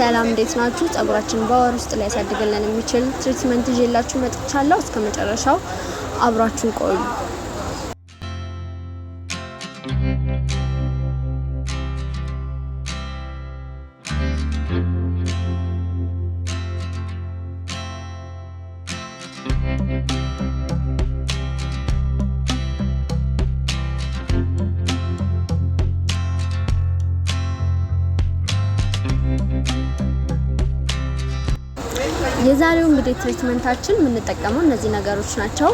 ሰላም እንዴት ናችሁ? ጸጉራችን በወር ውስጥ ሊያሳድግልን የሚችል ትሪትመንት ይዤላችሁ መጥቻለሁ። እስከ መጨረሻው አብራችሁን ቆዩ። የዛሬው እንግዲህ ትሪትመንታችን የምንጠቀመው እነዚህ ነገሮች ናቸው።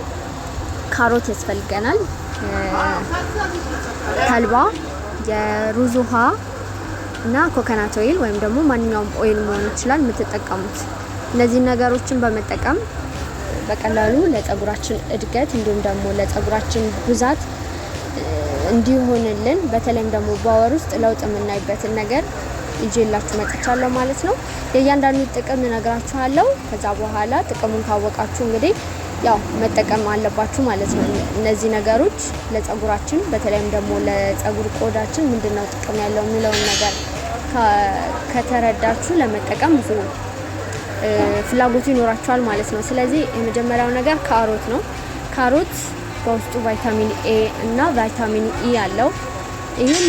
ካሮት ያስፈልገናል፣ ተልባ፣ የሩዝ ውሃ እና ኮኮናት ኦይል ወይም ደግሞ ማንኛውም ኦይል መሆን ይችላል የምትጠቀሙት። እነዚህ ነገሮችን በመጠቀም በቀላሉ ለጸጉራችን እድገት እንዲሁም ደግሞ ለጸጉራችን ብዛት እንዲሆንልን በተለይም ደግሞ በወር ውስጥ ለውጥ የምናይበትን ነገር ይዤላችሁ መጥቻለሁ ማለት ነው። የእያንዳንዱ ጥቅም እነግራችኋለሁ። ከዛ በኋላ ጥቅሙን ካወቃችሁ እንግዲህ ያው መጠቀም አለባችሁ ማለት ነው። እነዚህ ነገሮች ለጸጉራችን በተለይም ደግሞ ለጸጉር ቆዳችን ምንድነው ጥቅም ያለው የሚለውን ነገር ከተረዳችሁ ለመጠቀም ብዙ ፍላጎቱ ይኖራችኋል ማለት ነው። ስለዚህ የመጀመሪያው ነገር ካሮት ነው። ካሮት በውስጡ ቫይታሚን ኤ እና ቫይታሚን ኢ አለው። ይህም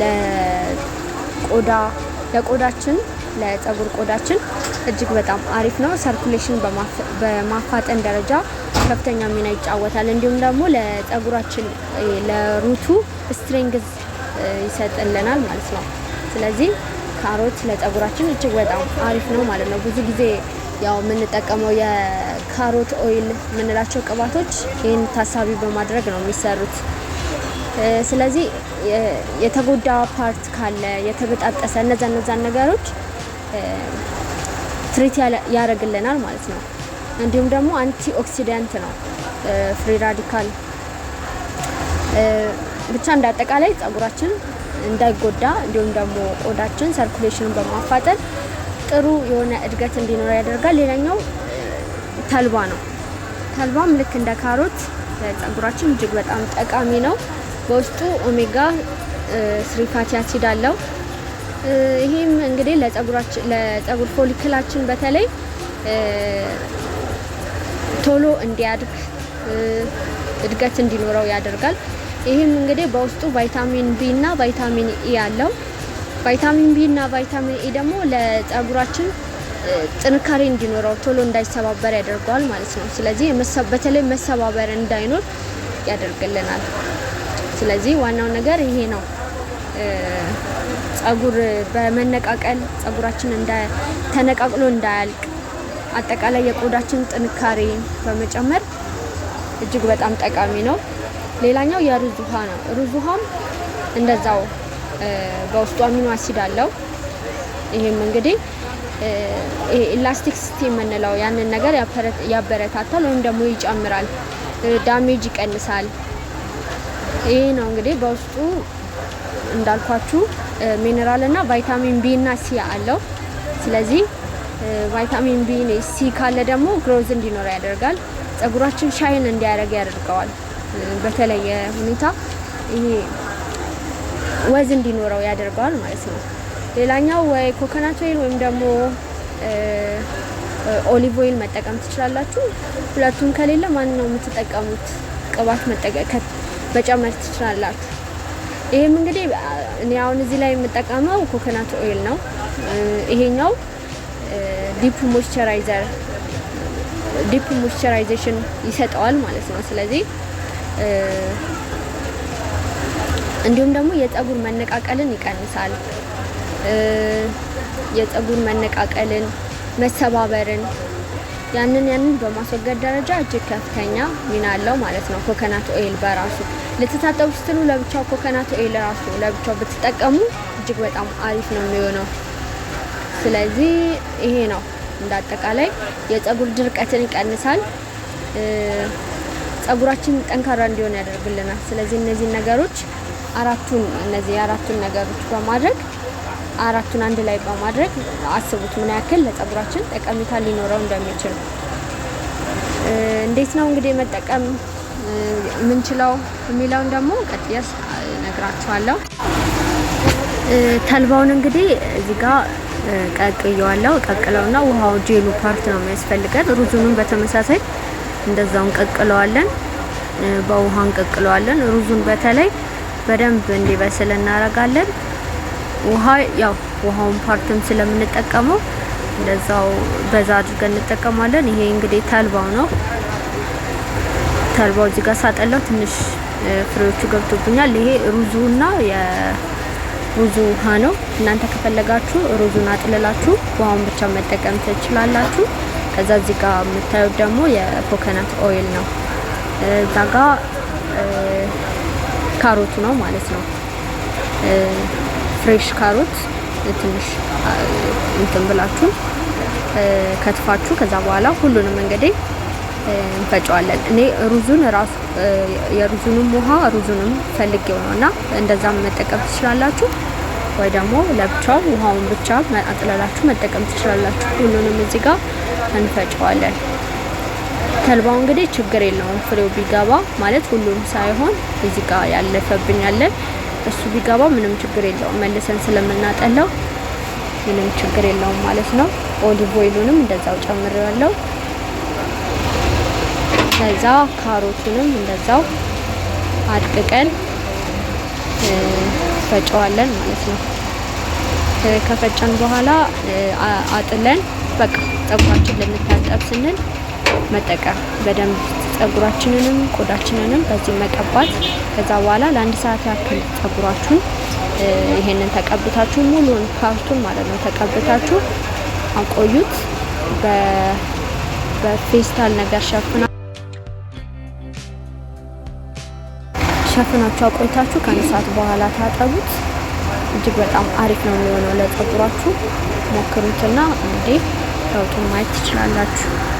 ለቆዳ ለቆዳችን ለፀጉር ቆዳችን እጅግ በጣም አሪፍ ነው። ሰርኩሌሽን በማፋጠን ደረጃ ከፍተኛ ሚና ይጫወታል። እንዲሁም ደግሞ ለጸጉራችን ለሩቱ ስትሪንግዝ ይሰጥልናል ማለት ነው። ስለዚህ ካሮት ለፀጉራችን እጅግ በጣም አሪፍ ነው ማለት ነው። ብዙ ጊዜ ያው የምንጠቀመው የካሮት ኦይል የምንላቸው ቅባቶች ይህን ታሳቢ በማድረግ ነው የሚሰሩት። ስለዚህ የተጎዳ ፓርት ካለ የተበጣጠሰ እነዛ እነዛን ነገሮች ትሪት ያደርግልናል ማለት ነው። እንዲሁም ደግሞ አንቲ ኦክሲደንት ነው ፍሪ ራዲካል ብቻ እንዳጠቃላይ ጸጉራችን እንዳይጎዳ እንዲሁም ደግሞ ቆዳችን ሰርኩሌሽንን በማፋጠን ጥሩ የሆነ እድገት እንዲኖር ያደርጋል። ሌላኛው ተልባ ነው። ተልባም ልክ እንደ ካሮት ጸጉራችን እጅግ በጣም ጠቃሚ ነው። በውስጡ ኦሜጋ ስሪ ፋቲ አሲድ አለው። ይህም እንግዲህ ለጸጉር ፎሊክላችን በተለይ ቶሎ እንዲያድግ እድገት እንዲኖረው ያደርጋል። ይህም እንግዲህ በውስጡ ቫይታሚን ቢ እና ቫይታሚን ኢ አለው። ቫይታሚን ቢ እና ቫይታሚን ኢ ደግሞ ለጸጉራችን ጥንካሬ እንዲኖረው ቶሎ እንዳይሰባበር ያደርገዋል ማለት ነው። ስለዚህ በተለይ መሰባበር እንዳይኖር ያደርግልናል። ስለዚህ ዋናው ነገር ይሄ ነው። ጸጉር በመነቃቀል ጸጉራችን ተነቃቅሎ እንዳያልቅ አጠቃላይ የቆዳችን ጥንካሬ በመጨመር እጅግ በጣም ጠቃሚ ነው። ሌላኛው የሩዝ ውሃ ነው። ሩዝ ውሃም እንደዛው በውስጡ አሚኖ አሲድ አለው። ይሄም እንግዲህ ኢላስቲክ ሲቲ የምንለው ያንን ነገር ያበረታታል ወይም ደግሞ ይጨምራል፣ ዳሜጅ ይቀንሳል። ይሄ ነው እንግዲህ በውስጡ እንዳልኳችሁ ሚኔራል እና ቫይታሚን ቢ እና ሲ አለው። ስለዚህ ቫይታሚን ቢ ሲ ካለ ደግሞ ግሮዝ እንዲኖር ያደርጋል። ጸጉራችን ሻይን እንዲያደርግ ያደርገዋል። በተለየ ሁኔታ ይሄ ወዝ እንዲኖረው ያደርገዋል ማለት ነው። ሌላኛው ወይ ኮኮናት ኦይል ወይም ደግሞ ኦሊቭ ኦይል መጠቀም ትችላላችሁ። ሁለቱም ከሌለ ማን ነው የምትጠቀሙት? ቅባት መጠቀም መጨመር ትችላላችሁ። ይህም እንግዲህ እኔ አሁን እዚህ ላይ የምጠቀመው ኮኮናት ኦይል ነው። ይሄኛው ዲፕ ሞይስቸራይዘር ዲፕ ሞይስቸራይዜሽን ይሰጠዋል ማለት ነው። ስለዚህ እንዲሁም ደግሞ የፀጉር መነቃቀልን ይቀንሳል። የፀጉር መነቃቀልን፣ መሰባበርን ያንን ያንን በማስወገድ ደረጃ እጅግ ከፍተኛ ሚና አለው ማለት ነው። ኮኮናት ኦይል በራሱ ልትታጠቡ ስትሉ ለብቻው ኮኮናት ኦይል ራሱ ለብቻው ብትጠቀሙ እጅግ በጣም አሪፍ ነው የሚሆነው። ስለዚህ ይሄ ነው እንዳጠቃላይ የጸጉር የፀጉር ድርቀትን ይቀንሳል፣ ፀጉራችን ጠንካራ እንዲሆን ያደርግልናል። ስለዚህ እነዚህ ነገሮች አራቱን እነዚህ አራቱን ነገሮች በማድረግ አራቱን አንድ ላይ በማድረግ አስቡት ምን ያክል ለጸጉራችን ጠቀሜታ ሊኖረው እንደሚችል። እንዴት ነው እንግዲህ መጠቀም ምንችለው የሚለውን ደግሞ ቀጥዬ ነግራችኋለሁ። ተልባውን እንግዲህ እዚህ ጋር ቀቅየዋለሁ። ቀቅለውና ውሃው ጄሉ ፓርት ነው የሚያስፈልገን። ሩዙንም በተመሳሳይ እንደዛውን ቀቅለዋለን፣ በውሃን ቀቅለዋለን። ሩዙን በተለይ በደንብ እንዲበስል እናረጋለን። ውሃ ያው ውሃውን ፓርትም ስለምንጠቀመው እንደዛው በዛ አድርገን እንጠቀማለን። ይሄ እንግዲህ ተልባው ነው። ተልባው እዚህ ጋር ሳጠላው ትንሽ ፍሬዎቹ ገብቶብኛል። ይሄ ሩዙና የሩዙ ውሃ ነው። እናንተ ከፈለጋችሁ ሩዙን አጥልላችሁ ውሃውን ብቻ መጠቀም ትችላላችሁ። ከዛ እዚህ ጋር የምታዩት ደግሞ የኮኮናት ኦይል ነው። እዛ ጋር ካሮቱ ነው ማለት ነው። ፍሬሽ ካሮት ትንሽ እንትን ብላችሁ ከትፋችሁ ከዛ በኋላ ሁሉንም እንግዲህ እንፈጨዋለን። እኔ ሩዙን ራሱ የሩዙንም ውሃ ሩዙንም ፈልጌው ነው እና እንደዛም መጠቀም ትችላላችሁ፣ ወይ ደግሞ ለብቻው ውሃውን ብቻ አጥላላችሁ መጠቀም ትችላላችሁ። ሁሉንም እዚህ ጋር እንፈጨዋለን። ተልባው እንግዲህ ችግር የለውም ፍሬው ቢገባ ማለት ሁሉም ሳይሆን እዚህ ጋር ያለፈብኛለን እሱ ቢገባው ምንም ችግር የለውም። መልሰን ስለምናጠለው ምንም ችግር የለውም ማለት ነው። ኦሊቭ ኦይሉንም እንደዛው ያለው ከዛ ካሮቱንም እንደዛው አድቅቀን ፈጨዋለን ማለት ነው። ከፈጨን በኋላ አጥለን በቃ ጸጉራችን ልንታጠብ ስንል መጠቀም በደንብ ጸጉራችንንም ቆዳችንንም በዚህ መቀባት። ከዛ በኋላ ለአንድ ሰዓት ያክል ጸጉራችሁን ይሄንን ተቀብታችሁ ሙሉን ፓርቱን ማለት ነው ተቀብታችሁ አቆዩት። በፌስታል ነገር ሸፍና ሸፍናችሁ አቆይታችሁ ከአንድ ሰዓት በኋላ ታጠቡት። እጅግ በጣም አሪፍ ነው የሚሆነው ለጸጉራችሁ። ሞክሩትና እንግዲህ ለውጡን ማየት ትችላላችሁ።